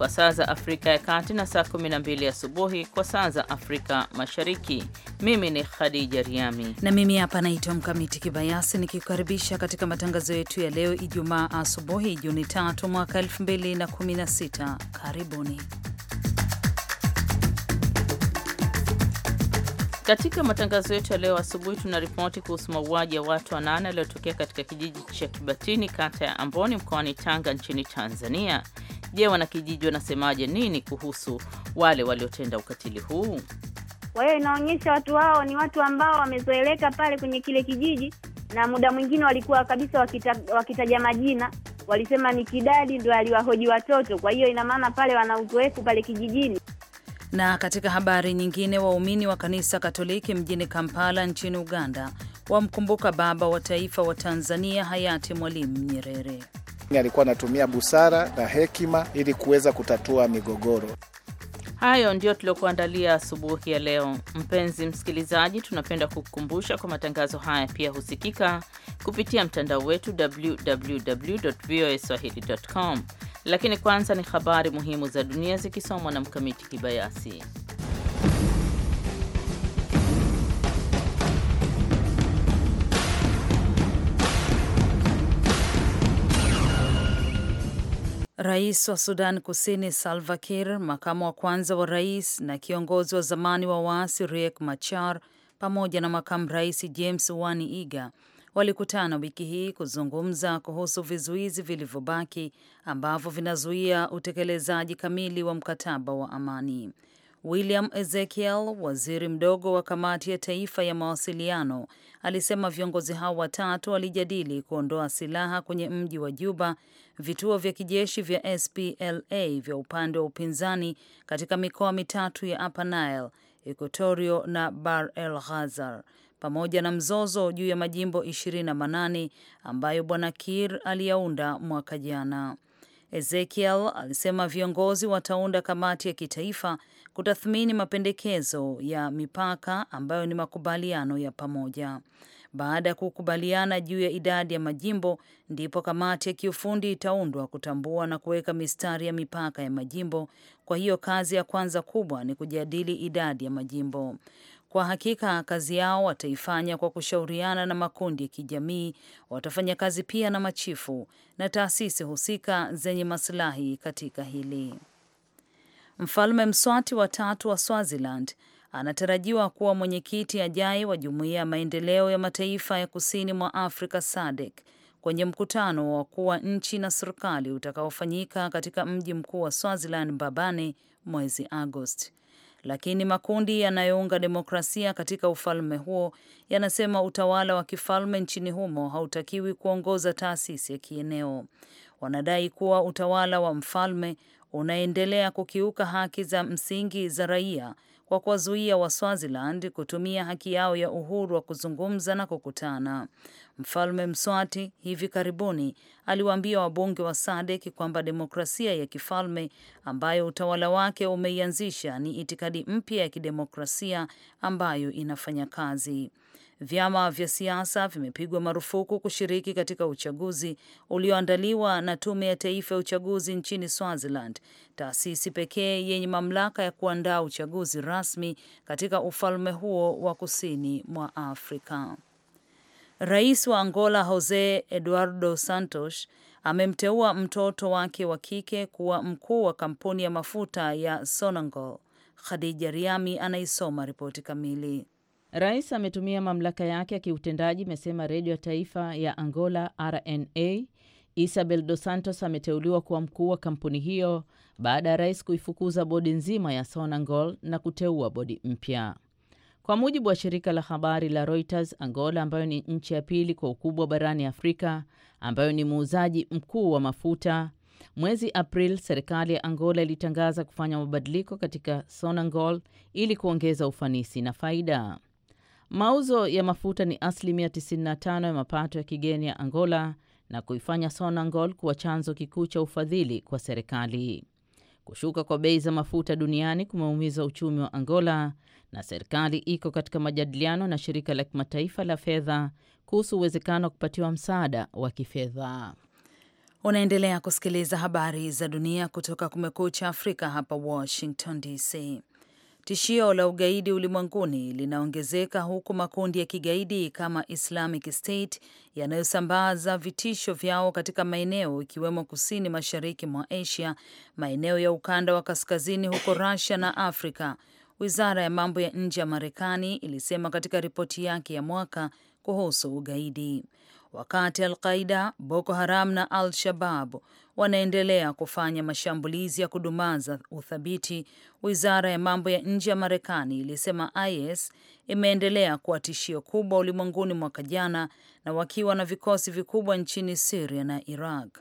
kwa saa za Afrika ya Kati na saa 12 asubuhi kwa saa za Afrika Mashariki. Mimi ni Khadija Riami na mimi hapa naitwa Mkamiti Kibayasi nikikukaribisha katika matangazo yetu ya leo Ijumaa asubuhi, Juni 3 mwaka 2016. Karibuni. Katika matangazo yetu ya leo asubuhi tuna ripoti kuhusu mauaji ya watu wanane waliotokea katika kijiji cha Kibatini kata ya Amboni mkoani Tanga nchini Tanzania. Je, wanakijiji wanasemaje nini kuhusu wale waliotenda ukatili huu? Kwa hiyo inaonyesha watu hao ni watu ambao wamezoeleka pale kwenye kile kijiji, na muda mwingine walikuwa kabisa wakitaja majina, walisema ni Kidadi ndo aliwahoji watoto. Kwa hiyo ina maana pale wana uzoefu pale kijijini. Na katika habari nyingine, waumini wa kanisa Katoliki mjini Kampala nchini Uganda wamkumbuka baba wa taifa wa Tanzania hayati Mwalimu Nyerere. Alikuwa anatumia busara na hekima ili kuweza kutatua migogoro. Hayo ndiyo tuliokuandalia asubuhi ya leo. Mpenzi msikilizaji, tunapenda kukukumbusha kwa matangazo haya pia husikika kupitia mtandao wetu www voa swahili com lakini kwanza ni habari muhimu za dunia zikisomwa na Mkamiti Kibayasi. Rais wa Sudan Kusini Salva Kiir, makamu wa kwanza wa rais na kiongozi wa zamani wa waasi Riek Machar pamoja na makamu rais James Wani Iga walikutana wiki hii kuzungumza kuhusu vizuizi vilivyobaki ambavyo vinazuia utekelezaji kamili wa mkataba wa amani. William Ezekiel, waziri mdogo wa kamati ya taifa ya mawasiliano, alisema viongozi hao watatu walijadili kuondoa silaha kwenye mji wa Juba, vituo vya kijeshi vya SPLA vya upande wa upinzani katika mikoa mitatu ya Upper Nile, Equatorio na bar el Ghazal pamoja na mzozo juu ya majimbo 28 ambayo Bwana kir aliyaunda mwaka jana. Ezekiel alisema viongozi wataunda kamati ya kitaifa kutathmini mapendekezo ya mipaka ambayo ni makubaliano ya pamoja. Baada ya kukubaliana juu ya idadi ya majimbo, ndipo kamati ya kiufundi itaundwa kutambua na kuweka mistari ya mipaka ya majimbo. Kwa hiyo kazi ya kwanza kubwa ni kujadili idadi ya majimbo. Kwa hakika kazi yao wataifanya kwa kushauriana na makundi ya kijamii. Watafanya kazi pia na machifu na taasisi husika zenye masilahi katika hili. Mfalme Mswati wa tatu wa Swaziland anatarajiwa kuwa mwenyekiti ajaye wa Jumuiya ya Maendeleo ya Mataifa ya Kusini mwa Afrika SADC kwenye mkutano wa wakuu wa nchi na serikali utakaofanyika katika mji mkuu wa Swaziland, Mbabane, mwezi Agosti lakini makundi yanayounga demokrasia katika ufalme huo yanasema utawala wa kifalme nchini humo hautakiwi kuongoza taasisi ya kieneo. Wanadai kuwa utawala wa mfalme unaendelea kukiuka haki za msingi za raia kwa kuwazuia Waswaziland kutumia haki yao ya uhuru wa kuzungumza na kukutana. Mfalme Mswati hivi karibuni aliwaambia wabunge wa SADC kwamba demokrasia ya kifalme ambayo utawala wake umeianzisha ni itikadi mpya ya kidemokrasia ambayo inafanya kazi. Vyama vya siasa vimepigwa marufuku kushiriki katika uchaguzi ulioandaliwa na Tume ya Taifa ya Uchaguzi nchini Swaziland, taasisi pekee yenye mamlaka ya kuandaa uchaguzi rasmi katika ufalme huo wa kusini mwa Afrika. Rais wa Angola Jose Eduardo Santos amemteua mtoto wake wa kike kuwa mkuu wa kampuni ya mafuta ya Sonangol. Khadija Riami anaisoma ripoti kamili. Rais ametumia mamlaka yake ya kiutendaji, imesema redio ya taifa ya Angola RNA. Isabel Dos Santos ameteuliwa kuwa mkuu wa kampuni hiyo baada ya rais kuifukuza bodi nzima ya Sonangol na kuteua bodi mpya. Kwa mujibu wa shirika la habari la Reuters, Angola ambayo ni nchi ya pili kwa ukubwa barani Afrika, ambayo ni muuzaji mkuu wa mafuta, mwezi april serikali ya Angola ilitangaza kufanya mabadiliko katika Sonangol ili kuongeza ufanisi na faida. Mauzo ya mafuta ni asilimia 95 ya mapato ya kigeni ya Angola na kuifanya Sonangol kuwa chanzo kikuu cha ufadhili kwa serikali. Kushuka kwa bei za mafuta duniani kumeumiza uchumi wa Angola na serikali iko katika majadiliano na shirika la kimataifa la fedha kuhusu uwezekano wa kupatiwa msaada wa kifedha. Unaendelea kusikiliza habari za dunia kutoka Kumekucha Afrika hapa Washington DC. Tishio la ugaidi ulimwenguni linaongezeka huku makundi ya kigaidi kama Islamic State yanayosambaza vitisho vyao katika maeneo ikiwemo kusini mashariki mwa Asia, maeneo ya ukanda wa kaskazini huko Russia na Afrika. Wizara ya mambo ya nje ya Marekani ilisema katika ripoti yake ya mwaka kuhusu ugaidi wakati Al-Qaida, Boko Haram na Al-Shabab wanaendelea kufanya mashambulizi ya kudumaza uthabiti. Wizara ya mambo ya nje ya Marekani ilisema IS imeendelea kuwa tishio kubwa ulimwenguni mwaka jana, na wakiwa na vikosi vikubwa nchini Siria na Iraq.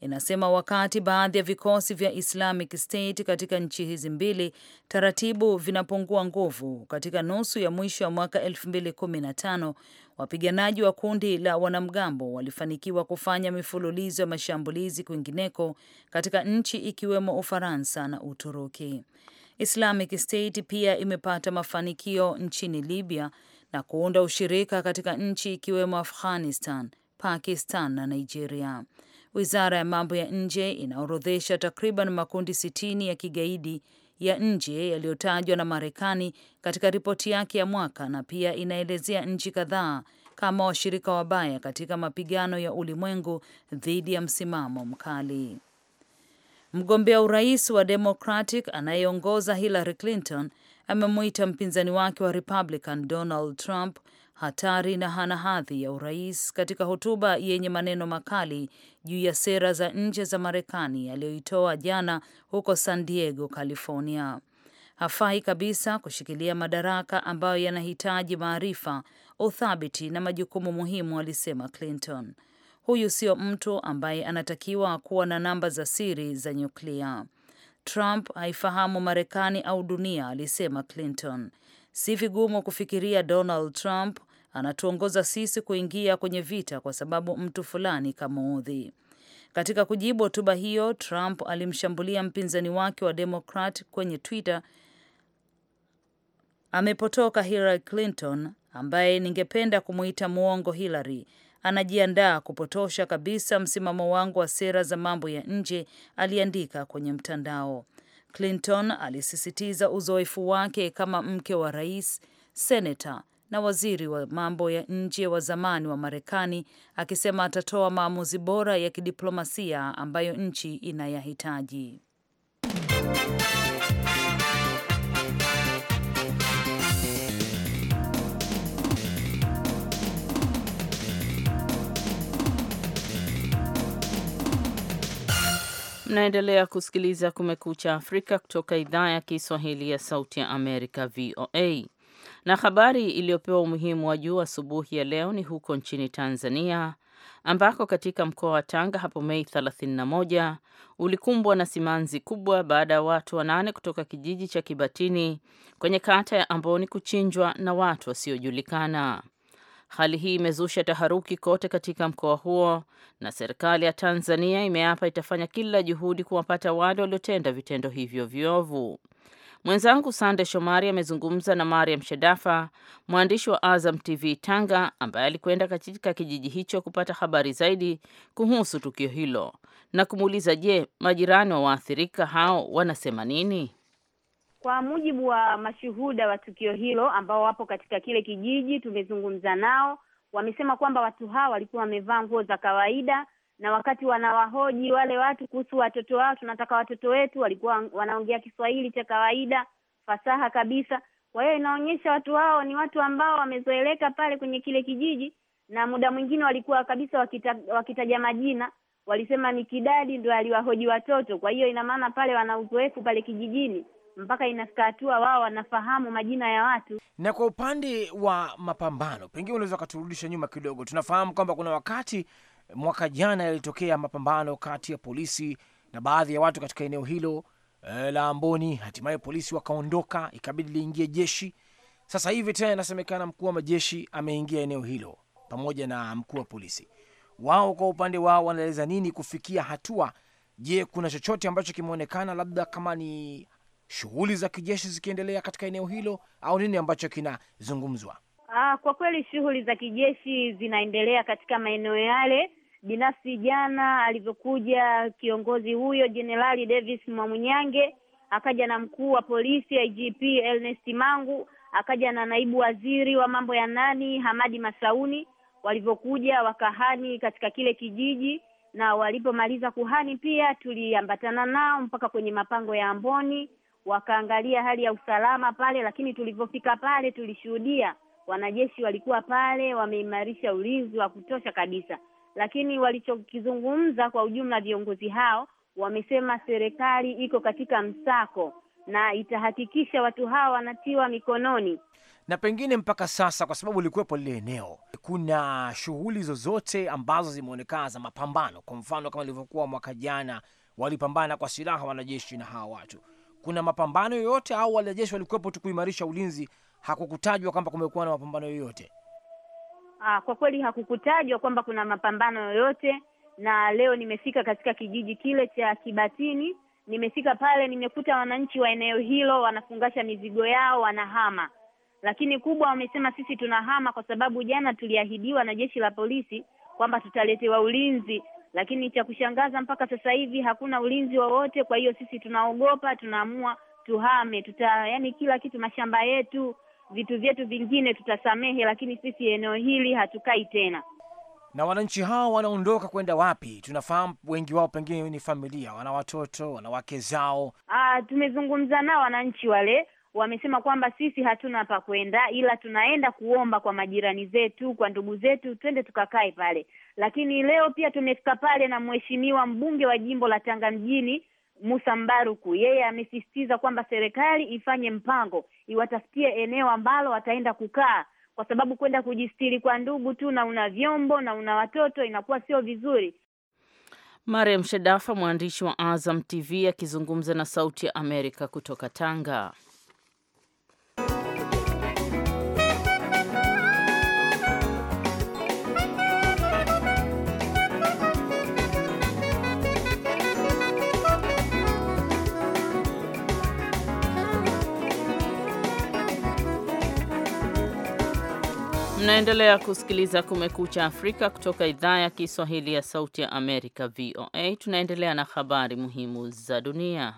Inasema wakati baadhi ya vikosi vya Islamic State katika nchi hizi mbili taratibu vinapungua nguvu, katika nusu ya mwisho ya mwaka 2015 Wapiganaji wa kundi la wanamgambo walifanikiwa kufanya mifululizo ya mashambulizi kwingineko katika nchi ikiwemo Ufaransa na Uturuki. Islamic State pia imepata mafanikio nchini Libya na kuunda ushirika katika nchi ikiwemo Afghanistan, Pakistan na Nigeria. Wizara ya mambo ya nje inaorodhesha takriban makundi sitini ya kigaidi ya nje yaliyotajwa na Marekani katika ripoti yake ya mwaka na pia inaelezea nchi kadhaa kama washirika wabaya katika mapigano ya ulimwengu dhidi ya msimamo mkali. Mgombea urais wa Democratic anayeongoza Hillary Clinton amemuita mpinzani wake wa Republican Donald Trump hatari na hana hadhi ya urais katika hotuba yenye maneno makali juu ya sera za nje za Marekani aliyoitoa jana huko San Diego, California. Hafai kabisa kushikilia madaraka ambayo yanahitaji maarifa, uthabiti na majukumu muhimu, alisema Clinton. Huyu sio mtu ambaye anatakiwa kuwa na namba za siri za nyuklia. Trump haifahamu Marekani au dunia, alisema Clinton. Si vigumu kufikiria Donald Trump anatuongoza sisi kuingia kwenye vita kwa sababu mtu fulani kamuudhi. Katika kujibu hotuba hiyo, Trump alimshambulia mpinzani wake wa Demokrat kwenye Twitter. Amepotoka Hillary Clinton ambaye ningependa kumuita muongo Hillary. Anajiandaa kupotosha kabisa msimamo wangu wa sera za mambo ya nje, aliandika kwenye mtandao. Clinton alisisitiza uzoefu wake kama mke wa rais, senata na waziri wa mambo ya nje wa zamani wa Marekani akisema atatoa maamuzi bora ya kidiplomasia ambayo nchi inayahitaji. Mnaendelea kusikiliza Kumekucha Afrika kutoka idhaa ya Kiswahili ya Sauti ya Amerika, VOA. Na habari iliyopewa umuhimu wa juu asubuhi ya leo ni huko nchini Tanzania ambako katika mkoa wa Tanga hapo Mei 31 ulikumbwa na simanzi kubwa baada ya watu wanane kutoka kijiji cha Kibatini kwenye kata ya Amboni kuchinjwa na watu wasiojulikana. Hali hii imezusha taharuki kote katika mkoa huo na serikali ya Tanzania imeapa itafanya kila juhudi kuwapata wale waliotenda vitendo hivyo viovu. Mwenzangu Sande Shomari amezungumza na Mariam Shedafa, mwandishi wa Azam TV Tanga, ambaye alikwenda katika kijiji hicho kupata habari zaidi kuhusu tukio hilo na kumuuliza, je, majirani wa waathirika hao wanasema nini? Kwa mujibu wa mashuhuda wa tukio hilo ambao wapo katika kile kijiji, tumezungumza nao, wamesema kwamba watu hao walikuwa wamevaa nguo za kawaida na wakati wanawahoji wale watu kuhusu watoto wao, tunataka watoto wetu, walikuwa wanaongea Kiswahili cha kawaida fasaha kabisa. Kwa hiyo inaonyesha watu hao ni watu ambao wamezoeleka pale kwenye kile kijiji, na muda mwingine walikuwa kabisa wakita, wakitaja majina, walisema ni Kidadi ndio aliwahoji watoto. Kwa hiyo ina maana pale wana uzoefu pale kijijini mpaka inafika hatua wao wanafahamu majina ya watu. Na kwa upande wa mapambano, pengine unaweza ukaturudisha nyuma kidogo. Tunafahamu kwamba kuna wakati mwaka jana yalitokea mapambano kati ya polisi na baadhi ya watu katika eneo hilo e, la Amboni. Hatimaye polisi wakaondoka, ikabidi liingie jeshi. Sasa hivi tena inasemekana mkuu wa majeshi ameingia eneo hilo pamoja na mkuu wa polisi. Wao kwa upande wao wanaeleza nini kufikia hatua? Je, kuna chochote ambacho kimeonekana, labda kama ni shughuli za kijeshi zikiendelea katika eneo hilo au nini ambacho kinazungumzwa? Ah, kwa kweli shughuli za kijeshi zinaendelea katika maeneo yale Binafsi jana alivyokuja kiongozi huyo Jenerali Davis Mwamunyange, akaja na mkuu wa polisi IGP Ernest Mangu, akaja na naibu waziri wa mambo ya ndani Hamadi Masauni, walivyokuja wakahani katika kile kijiji, na walipomaliza kuhani pia tuliambatana nao mpaka kwenye mapango ya Amboni, wakaangalia hali ya usalama pale. Lakini tulivyofika pale tulishuhudia wanajeshi walikuwa pale wameimarisha ulinzi wa kutosha kabisa lakini walichokizungumza kwa ujumla viongozi hao wamesema serikali iko katika msako na itahakikisha watu hawa wanatiwa mikononi. Na pengine mpaka sasa, kwa sababu ulikuwepo lile eneo, kuna shughuli zozote ambazo zimeonekana za mapambano? Kwa mfano kama ilivyokuwa mwaka jana, walipambana kwa silaha wanajeshi na hawa watu. Kuna mapambano yoyote au wanajeshi walikuwepo tu kuimarisha ulinzi? Hakukutajwa kwamba kumekuwa na mapambano yoyote. Aa, ah, kwa kweli hakukutajwa kwamba kuna mapambano yoyote, na leo nimefika katika kijiji kile cha Kibatini. Nimefika pale, nimekuta wananchi wa eneo hilo wanafungasha mizigo yao, wanahama. Lakini kubwa wamesema, sisi tunahama kwa sababu jana tuliahidiwa na jeshi la polisi kwamba tutaletewa ulinzi, lakini cha kushangaza mpaka sasa hivi hakuna ulinzi wowote. Kwa hiyo sisi tunaogopa, tunaamua tuhame, tuta, yani kila kitu, mashamba yetu vitu vyetu vingine tutasamehe, lakini sisi eneo hili hatukai tena. Na wananchi hao wanaondoka kwenda wapi? Tunafahamu wengi wao pengine ni familia, wana watoto, wana wake zao. Ah, tumezungumza nao wananchi wale wamesema kwamba sisi hatuna pa kwenda, ila tunaenda kuomba kwa majirani zetu, kwa ndugu zetu, twende tukakae pale. Lakini leo pia tumefika pale na mheshimiwa mbunge wa jimbo la Tanga mjini Musa Mbaruku yeye amesisitiza kwamba serikali ifanye mpango, iwatafutie eneo ambalo wataenda kukaa, kwa sababu kwenda kujistiri kwa ndugu tu na una vyombo na una watoto inakuwa sio vizuri. Mariam Shedafa, mwandishi wa Azam TV, akizungumza na Sauti ya Amerika kutoka Tanga. Unaendelea kusikiliza Kumekucha Afrika kutoka idhaa ya Kiswahili ya Sauti ya Amerika, VOA. Tunaendelea na habari muhimu za dunia.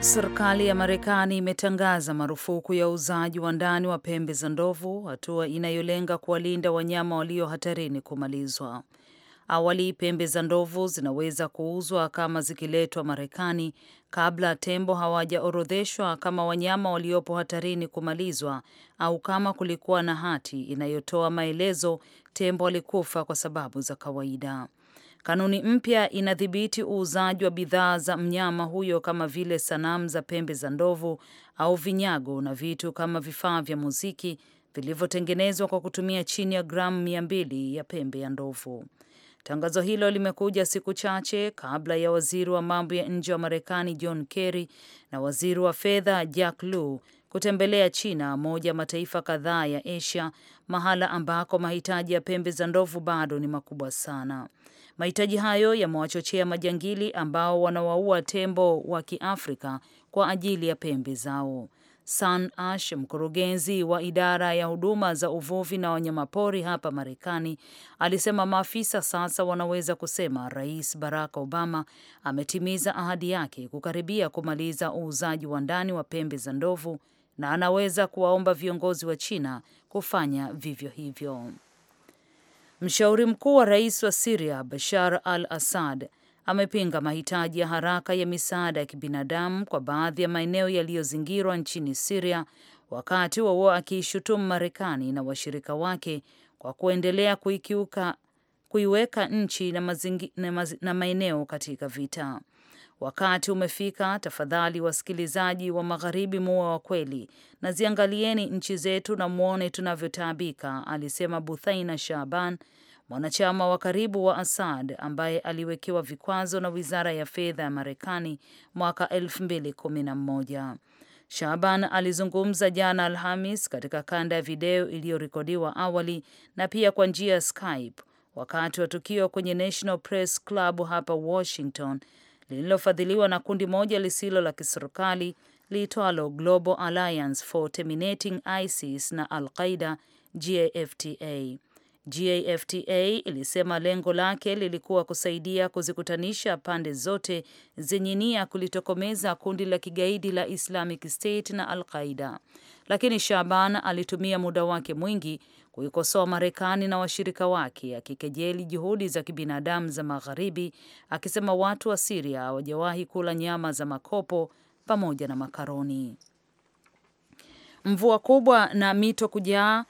Serikali ya Marekani imetangaza marufuku ya uuzaji wa ndani wa pembe za ndovu, hatua inayolenga kuwalinda wanyama walio hatarini kumalizwa. Awali pembe za ndovu zinaweza kuuzwa kama zikiletwa Marekani kabla tembo hawajaorodheshwa kama wanyama waliopo hatarini kumalizwa au kama kulikuwa na hati inayotoa maelezo tembo alikufa kwa sababu za kawaida. Kanuni mpya inadhibiti uuzaji wa bidhaa za mnyama huyo kama vile sanamu za pembe za ndovu au vinyago na vitu kama vifaa vya muziki vilivyotengenezwa kwa kutumia chini ya gramu mia mbili ya pembe ya ndovu. Tangazo hilo limekuja siku chache kabla ya waziri wa mambo ya nje wa Marekani John Kerry na waziri wa fedha Jack Lew kutembelea China, moja mataifa kadhaa ya Asia, mahala ambako mahitaji ya pembe za ndovu bado ni makubwa sana. Mahitaji hayo yamewachochea majangili ambao wanawaua tembo wa Kiafrika kwa ajili ya pembe zao san Ash, mkurugenzi wa idara ya huduma za uvuvi na wanyamapori hapa Marekani, alisema maafisa sasa wanaweza kusema Rais Barack Obama ametimiza ahadi yake kukaribia kumaliza uuzaji wa ndani wa pembe za ndovu na anaweza kuwaomba viongozi wa China kufanya vivyo hivyo. Mshauri mkuu wa rais wa Siria Bashar al Assad amepinga mahitaji ya haraka ya misaada ya kibinadamu kwa baadhi ya maeneo yaliyozingirwa nchini Siria, wakati wauo akiishutumu Marekani na washirika wake kwa kuendelea kuikiuka kuiweka nchi na, mazingi, na, maz, na maeneo katika vita. Wakati umefika, tafadhali wasikilizaji wa magharibi, muwe wa kweli na ziangalieni nchi zetu na mwone tunavyotaabika, alisema Buthaina Shaban, mwanachama wa karibu wa Assad ambaye aliwekewa vikwazo na wizara ya fedha ya Marekani mwaka 2011. Shaban alizungumza jana Alhamis katika kanda ya video iliyorekodiwa awali na pia kwa njia ya Skype wakati wa tukio kwenye National Press Club hapa Washington lililofadhiliwa na kundi moja lisilo la kiserikali liitwalo Global Alliance for Terminating ISIS na Al-Qaeda GAFTA. GAFTA ilisema lengo lake lilikuwa kusaidia kuzikutanisha pande zote zenye nia kulitokomeza kundi la kigaidi la Islamic State na Al Qaida, lakini Shaban alitumia muda wake mwingi kuikosoa Marekani na washirika wake, akikejeli juhudi za kibinadamu za Magharibi, akisema watu wa Siria hawajawahi kula nyama za makopo pamoja na makaroni. Mvua kubwa na mito kujaa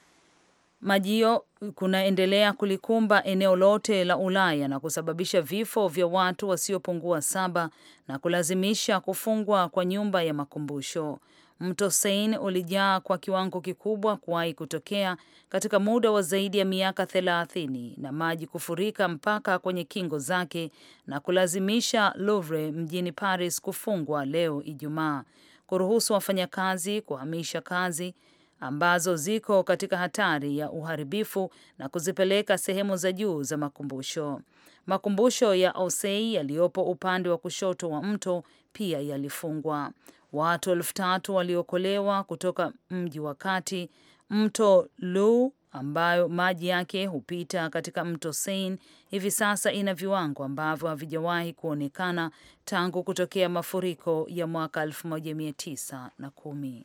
majio kunaendelea kulikumba eneo lote la Ulaya na kusababisha vifo vya watu wasiopungua saba na kulazimisha kufungwa kwa nyumba ya makumbusho. Mto sein ulijaa kwa kiwango kikubwa kuwahi kutokea katika muda wa zaidi ya miaka thelathini na maji kufurika mpaka kwenye kingo zake na kulazimisha Louvre mjini Paris kufungwa leo Ijumaa, kuruhusu wafanyakazi kuhamisha kazi ambazo ziko katika hatari ya uharibifu na kuzipeleka sehemu za juu za makumbusho. Makumbusho ya Osei yaliyopo upande wa kushoto wa mto pia yalifungwa. Watu elfu tatu waliokolewa kutoka mji wa kati mto Lu ambayo maji yake hupita katika mto Sein hivi sasa ina viwango ambavyo havijawahi kuonekana tangu kutokea mafuriko ya mwaka 1910.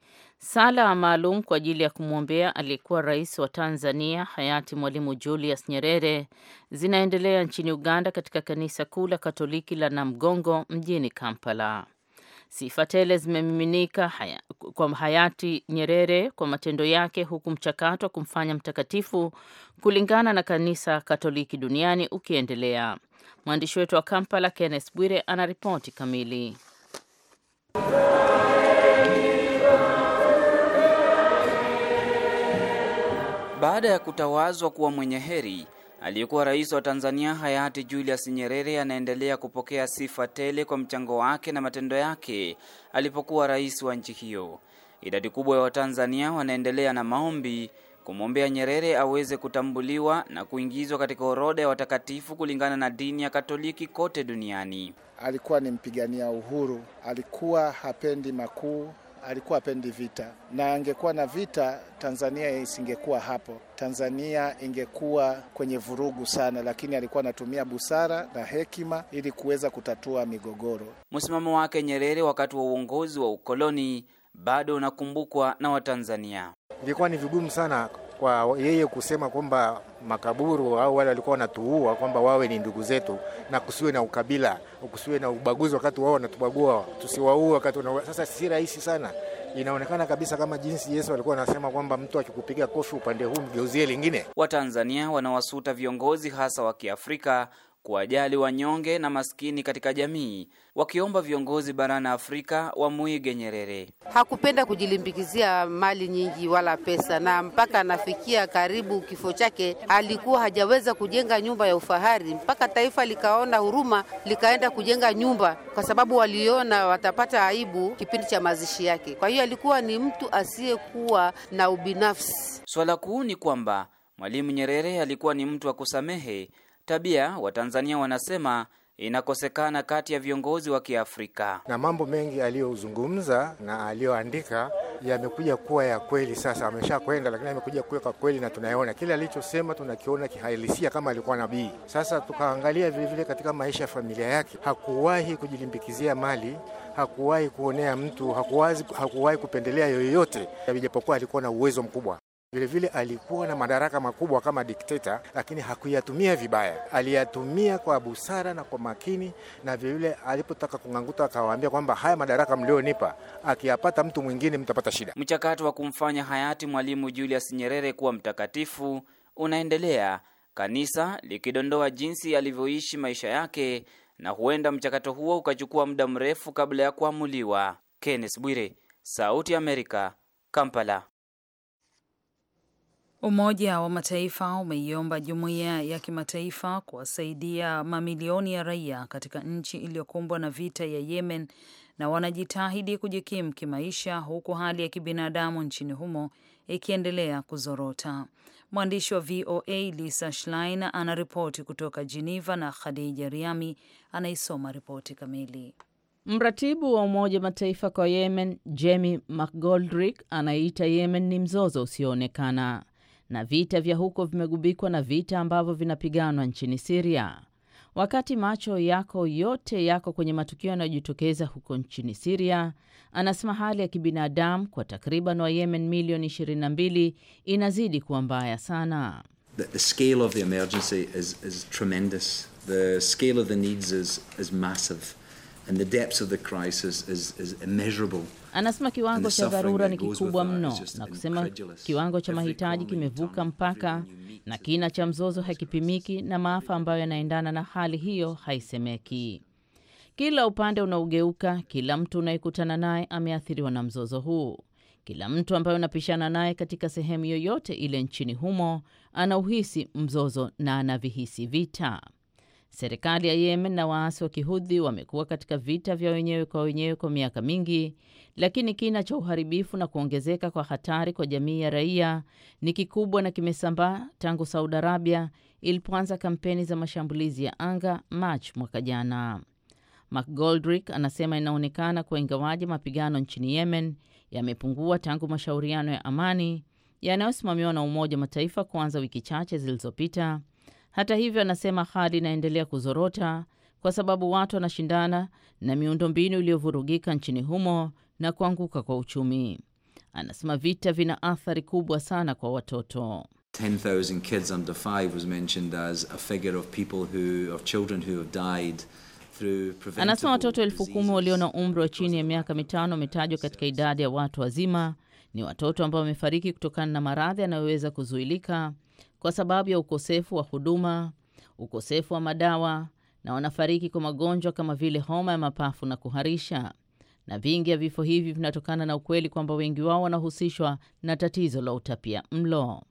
sala maalum kwa ajili ya kumwombea aliyekuwa rais wa Tanzania hayati Mwalimu Julius Nyerere zinaendelea nchini Uganda katika kanisa kuu la Katoliki la Namgongo mjini Kampala. Sifa tele zimemiminika haya, kwa hayati Nyerere kwa matendo yake huku mchakato wa kumfanya mtakatifu kulingana na kanisa Katoliki duniani ukiendelea. Mwandishi wetu wa Kampala Kenneth Bwire ana ripoti kamili. Baada ya kutawazwa kuwa mwenye heri, aliyekuwa rais wa Tanzania hayati Julius Nyerere anaendelea kupokea sifa tele kwa mchango wake na matendo yake alipokuwa rais wa nchi hiyo. Idadi kubwa ya Watanzania wanaendelea na maombi kumwombea Nyerere aweze kutambuliwa na kuingizwa katika orodha ya watakatifu kulingana na dini ya Katoliki kote duniani. Alikuwa ni mpigania uhuru, alikuwa hapendi makuu alikuwa apendi vita, na angekuwa na vita Tanzania isingekuwa hapo. Tanzania ingekuwa kwenye vurugu sana, lakini alikuwa anatumia busara na hekima ili kuweza kutatua migogoro. Msimamo wake Nyerere wakati wa uongozi wa ukoloni bado unakumbukwa na Watanzania. Ilikuwa ni vigumu sana kwa yeye kusema kwamba makaburu au wale walikuwa wanatuua kwamba wawe ni ndugu zetu, na kusiwe na ukabila, kusiwe na ubaguzi wakati wao wanatubagua, tusiwaue wakati una... Sasa si rahisi sana, inaonekana kabisa kama jinsi Yesu alikuwa anasema kwamba mtu akikupiga kofi upande huu mgeuzie lingine. Watanzania wanawasuta viongozi hasa wa Kiafrika kuwajali wanyonge na maskini katika jamii, wakiomba viongozi barani Afrika wamwige Nyerere. Hakupenda kujilimbikizia mali nyingi wala pesa, na mpaka anafikia karibu kifo chake alikuwa hajaweza kujenga nyumba ya ufahari, mpaka taifa likaona huruma likaenda kujenga nyumba, kwa sababu waliona watapata aibu kipindi cha mazishi yake. Kwa hiyo alikuwa ni mtu asiyekuwa na ubinafsi. Swala kuu ni kwamba Mwalimu Nyerere alikuwa ni mtu wa kusamehe tabia Watanzania wanasema inakosekana kati ya viongozi wa Kiafrika. Na mambo mengi aliyozungumza na aliyoandika yamekuja kuwa ya kweli sasa, amesha kwenda, lakini amekuja kuweka kweli na tunayaona kile alichosema, tunakiona kihalisia kama alikuwa nabii. Sasa tukaangalia vilevile vile katika maisha ya familia yake, hakuwahi kujilimbikizia mali, hakuwahi kuonea mtu, hakuwahi, hakuwahi kupendelea yoyote, ijapokuwa alikuwa na uwezo mkubwa. Vilevile alikuwa na madaraka makubwa kama dikteta, lakini hakuyatumia vibaya, aliyatumia kwa busara na kwa makini. Na vilevile alipotaka kung'anguta, akawaambia kwamba haya madaraka mlionipa, akiyapata mtu mwingine mtapata shida. Mchakato wa kumfanya hayati Mwalimu Julius Nyerere kuwa mtakatifu unaendelea, kanisa likidondoa jinsi alivyoishi maisha yake, na huenda mchakato huo ukachukua muda mrefu kabla ya kuamuliwa. Kenneth Bwire, Sauti ya Amerika, Kampala. Umoja wa Mataifa umeiomba jumuiya ya kimataifa kuwasaidia mamilioni ya raia katika nchi iliyokumbwa na vita ya Yemen na wanajitahidi kujikimu kimaisha huku hali ya kibinadamu nchini humo ikiendelea kuzorota. Mwandishi wa VOA Lisa Schlein anaripoti kutoka Geneva na Khadija Riami anaisoma ripoti kamili. Mratibu wa Umoja wa Mataifa kwa Yemen Jamie McGoldrick anaita Yemen ni mzozo usioonekana na vita vya huko vimegubikwa na vita ambavyo vinapiganwa nchini Siria. Wakati macho yako yote yako kwenye matukio yanayojitokeza huko nchini Siria, anasema hali ya kibinadamu kwa takriban wa Yemen milioni 22 inazidi kuwa mbaya sana. The scale of the And the depths of the crisis is, is immeasurable. Anasema kiwango cha dharura ni kikubwa mno, na kusema kiwango cha mahitaji kimevuka mpaka, na kina cha mzozo hakipimiki, na maafa ambayo yanaendana na hali hiyo haisemeki. Kila upande unaogeuka, kila mtu unayekutana naye ameathiriwa na mzozo huu. Kila mtu ambaye unapishana naye katika sehemu yoyote ile nchini humo anauhisi mzozo na anavihisi vita. Serikali ya Yemen na waasi wa Kihudhi wamekuwa katika vita vya wenyewe kwa wenyewe kwa miaka mingi, lakini kina cha uharibifu na kuongezeka kwa hatari kwa jamii ya raia ni kikubwa na kimesambaa tangu Saudi Arabia ilipoanza kampeni za mashambulizi ya anga Machi mwaka jana. McGoldrick anasema inaonekana kuwa ingawaje mapigano nchini Yemen yamepungua tangu mashauriano ya amani yanayosimamiwa na Umoja wa Mataifa kuanza wiki chache zilizopita hata hivyo, anasema hali inaendelea kuzorota kwa sababu watu wanashindana na miundombinu iliyovurugika nchini humo na kuanguka kwa uchumi. Anasema vita vina athari kubwa sana kwa watoto. 10,000 kids under was mentioned as a figure of people who of children who have died through preventable. Anasema watoto elfu kumi walio na umri wa chini ya miaka mitano wametajwa katika idadi ya watu wazima. Ni watoto ambao wamefariki kutokana na maradhi yanayoweza kuzuilika kwa sababu ya ukosefu wa huduma, ukosefu wa madawa na wanafariki kwa magonjwa kama vile homa ya mapafu na kuharisha. Na vingi ya vifo hivi vinatokana na ukweli kwamba wengi wao wanahusishwa na tatizo la utapia mlo.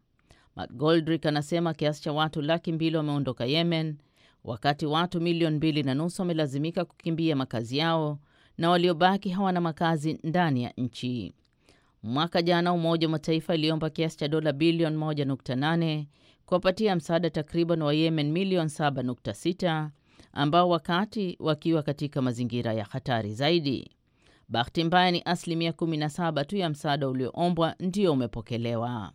McGoldrick anasema kiasi cha watu laki mbili wameondoka Yemen wakati watu milioni mbili na nusu wamelazimika kukimbia makazi yao na waliobaki hawana makazi ndani ya nchi. Mwaka jana Umoja wa Mataifa iliomba kiasi cha dola bilioni 1.8 kuwapatia msaada takriban wa Yemen milioni 7.6 ambao wakati wakiwa katika mazingira ya hatari zaidi. Bahati mbaya ni asilimia 17 tu ya msaada ulioombwa ndio umepokelewa.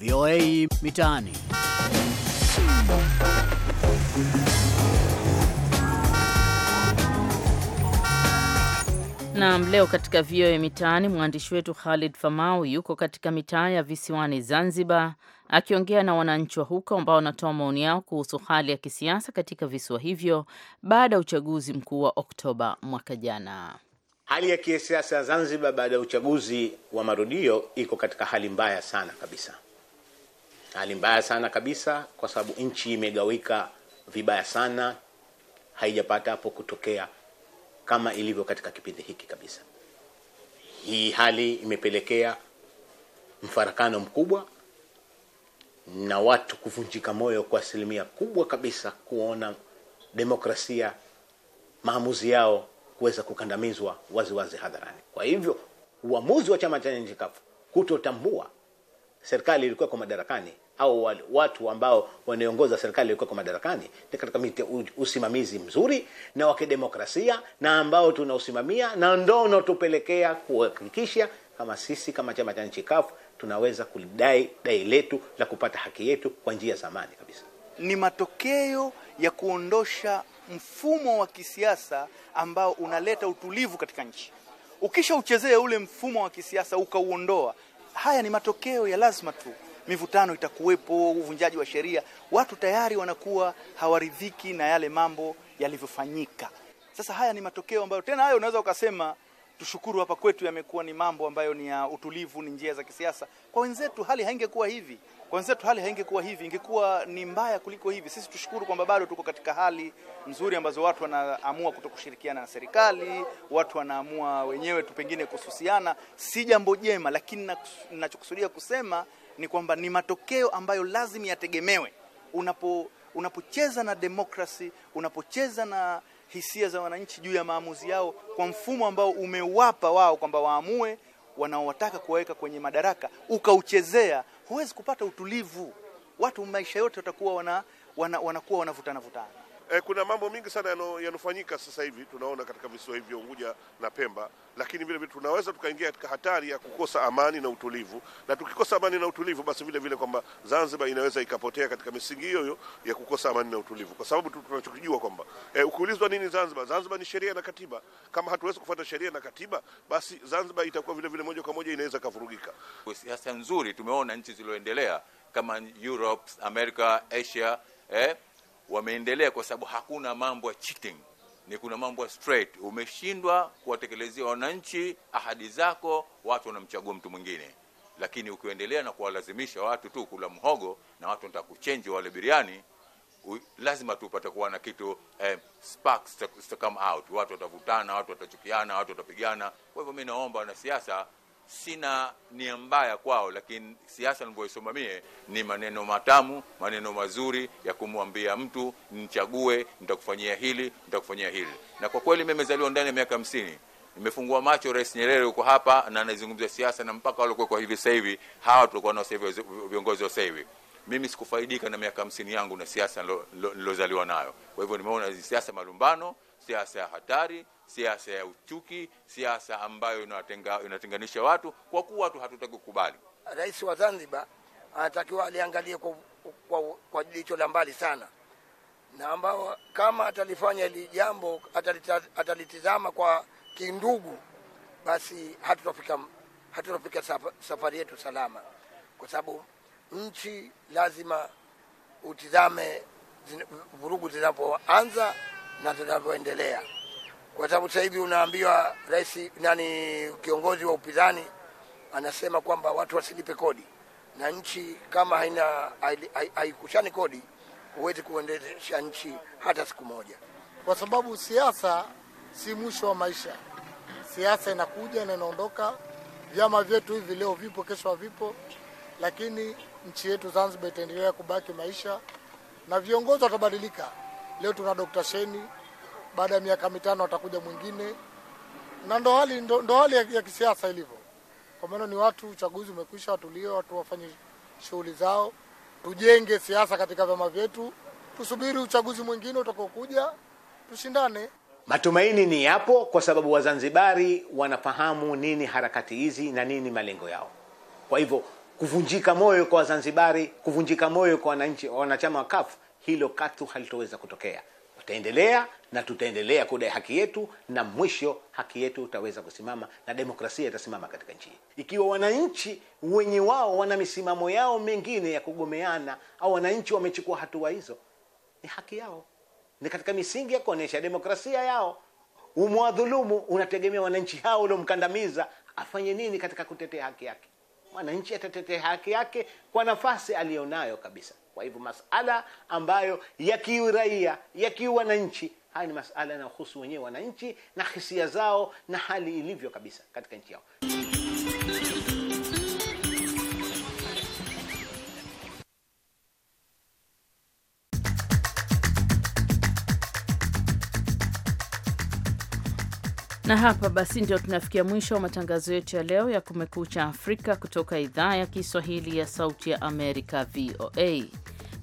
VOA Mitaani. Naam, leo katika VOA Mitaani, mwandishi wetu Khalid Famau yuko katika mitaa ya visiwani Zanzibar akiongea na wananchi wa huko ambao wanatoa maoni yao kuhusu hali ya kisiasa katika visiwa hivyo baada ya uchaguzi mkuu wa Oktoba mwaka jana. Hali ya kisiasa ya Zanzibar baada ya uchaguzi wa marudio iko katika hali mbaya sana kabisa, hali mbaya sana kabisa, kwa sababu nchi imegawika vibaya sana, haijapata hapo kutokea kama ilivyo katika kipindi hiki kabisa. Hii hali imepelekea mfarakano mkubwa na watu kuvunjika moyo kwa asilimia kubwa kabisa, kuona demokrasia, maamuzi yao kuweza kukandamizwa waziwazi hadharani. Kwa hivyo uamuzi wa chama cha nchi kafu kutotambua serikali ilikuwa kwa madarakani au watu ambao wanaongoza serikali ilikuwa kwa madarakani ni katika usimamizi mzuri na wa kidemokrasia na ambao tunausimamia na ndo unaotupelekea kuhakikisha kama sisi kama chama cha nchi kafu tunaweza kudai dai letu la kupata haki yetu kwa njia za zamani kabisa. Ni matokeo ya kuondosha mfumo wa kisiasa ambao unaleta utulivu katika nchi. ukisha uchezea ule mfumo wa kisiasa ukauondoa, haya ni matokeo ya lazima tu mivutano itakuwepo, uvunjaji wa sheria. Watu tayari wanakuwa hawaridhiki na yale mambo yalivyofanyika. Sasa haya ni matokeo ambayo tena hayo unaweza ukasema tushukuru hapa kwetu yamekuwa ni mambo ambayo ni ya utulivu, ni njia za kisiasa. Kwa wenzetu hali haingekuwa hivi, kwa wenzetu hali haingekuwa hivi, ingekuwa ni mbaya kuliko hivi. Sisi tushukuru kwamba bado tuko katika hali nzuri ambazo watu wanaamua kuto kushirikiana na serikali, watu wanaamua wenyewe tu pengine kususiana. Si jambo jema, lakini ninachokusudia kusema ni kwamba ni matokeo ambayo lazima yategemewe. Unapo unapocheza na demokrasi, unapocheza na hisia za wananchi juu ya maamuzi yao kwa mfumo ambao umewapa wao kwamba waamue wanaowataka kuwaweka kwenye madaraka, ukauchezea, huwezi kupata utulivu. Watu maisha yote watakuwa wana, wana, wanakuwa wanavutana vutana. E, kuna mambo mengi sana yanofanyika sasa hivi tunaona katika visiwa hivi vya Unguja na Pemba, lakini vile vile tunaweza tukaingia katika hatari ya kukosa amani na utulivu, na tukikosa amani na utulivu, basi vile vile kwamba Zanzibar inaweza ikapotea katika misingi hiyo hiyo ya kukosa amani na utulivu, kwa sababu tunachokijua kwamba e, ukiulizwa nini Zanzibar, Zanzibar ni sheria na katiba. Kama hatuwezi kufuata sheria na katiba, basi Zanzibar itakuwa vile vile moja kwa moja inaweza kavurugika. Siasa nzuri tumeona nchi zilizoendelea kama Europe, America, Asia eh? wameendelea kwa sababu hakuna mambo ya cheating, ni kuna mambo ya straight. Umeshindwa kuwatekelezea wananchi ahadi zako, watu wanamchagua mtu mwingine. Lakini ukiendelea na kuwalazimisha watu tu kula mhogo na watu wanataka kuchenji wale biriani, lazima tu upate kuwa na kitu eh, sparks to come out. Watu watavutana, watu watachukiana, watu watapigana. Kwa hivyo mimi naomba wanasiasa sina nia mbaya kwao, lakini siasa nilivyoisoma mie ni maneno matamu, maneno mazuri ya kumwambia mtu nichague, nitakufanyia hili, nitakufanyia hili. Na kwa kweli mimi mezaliwa ndani ya miaka hamsini, nimefungua macho Rais Nyerere yuko hapa na anazungumza siasa, na mpaka walikuwa kwa hivi sasa hivi hawa tulikuwa nao sasa hivi viongozi wa sasa hivi mimi sikufaidika na miaka hamsini yangu na siasa nilozaliwa nayo. Kwa hivyo nimeona siasa malumbano siasa ya hatari, siasa ya uchuki, siasa ambayo inatenga, inatenganisha watu, kwa kuwa watu hatutaki kukubali. Rais wa Zanzibar anatakiwa aliangalie kwa, kwa, kwa jicho la mbali sana, na ambao kama atalifanya hili jambo atalitizama kwa kindugu, basi hatutafika hatutafika safari yetu salama, kwa sababu nchi lazima utizame vurugu zinapoanza na tunavyoendelea, kwa sababu sasa hivi unaambiwa rais nani, kiongozi wa upinzani anasema kwamba watu wasilipe kodi, na nchi kama haina haikushani kodi huwezi kuendesha nchi hata siku moja, kwa sababu siasa si mwisho wa maisha. Siasa inakuja na inaondoka. Vyama vyetu hivi leo vipo, kesho havipo, lakini nchi yetu Zanzibar itaendelea kubaki maisha na viongozi watabadilika. Leo tuna Dr. Sheni, baada ya miaka mitano atakuja mwingine, na ndo hali ndo, ndo hali ya kisiasa ilivyo. Kwa maana ni watu, uchaguzi umekwisha, watulio watu wafanye shughuli zao, tujenge siasa katika vyama vyetu, tusubiri uchaguzi mwingine utakaokuja, tushindane. Matumaini ni yapo kwa sababu Wazanzibari wanafahamu nini harakati hizi na nini malengo yao. Kwa hivyo kuvunjika moyo kwa Wazanzibari, kuvunjika moyo kwa wananchi wanachama wa kafu hilo katu halitoweza kutokea. Tutaendelea na tutaendelea kudai haki yetu, na mwisho haki yetu utaweza kusimama na demokrasia itasimama katika nchi Ikiwa wananchi wenye wao wana misimamo yao mengine ya kugomeana, au wananchi wamechukua hatua hizo, ni haki yao, ni katika misingi ya kuonesha demokrasia yao. Umwadhulumu unategemea wananchi hao uliomkandamiza afanye nini katika kutetea haki yake. Mwananchi atatetea haki yake kwa nafasi aliyonayo kabisa. Kwa hivyo masala ambayo ya kiuraia ya kiwananchi, haya ni masala yanayohusu wenyewe wananchi na hisia zao na hali ilivyo kabisa katika nchi yao. Na hapa basi ndio tunafikia mwisho wa matangazo yetu ya leo ya Kumekucha Afrika kutoka idhaa ya Kiswahili ya Sauti ya Amerika, VOA.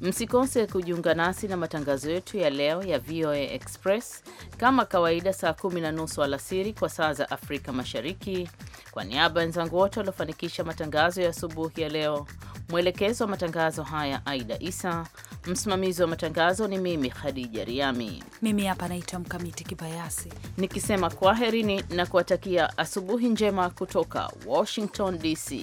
Msikose kujiunga nasi na matangazo yetu ya leo ya VOA Express kama kawaida, saa kumi na nusu alasiri kwa saa za Afrika Mashariki. Kwa niaba ya wenzangu wote waliofanikisha matangazo ya asubuhi ya leo, mwelekezo wa matangazo haya Aida Isa, Msimamizi wa matangazo ni mimi Khadija Riami. Mimi hapa naitwa Mkamiti Kibayasi, nikisema kwaherini na kuwatakia asubuhi njema kutoka Washington DC.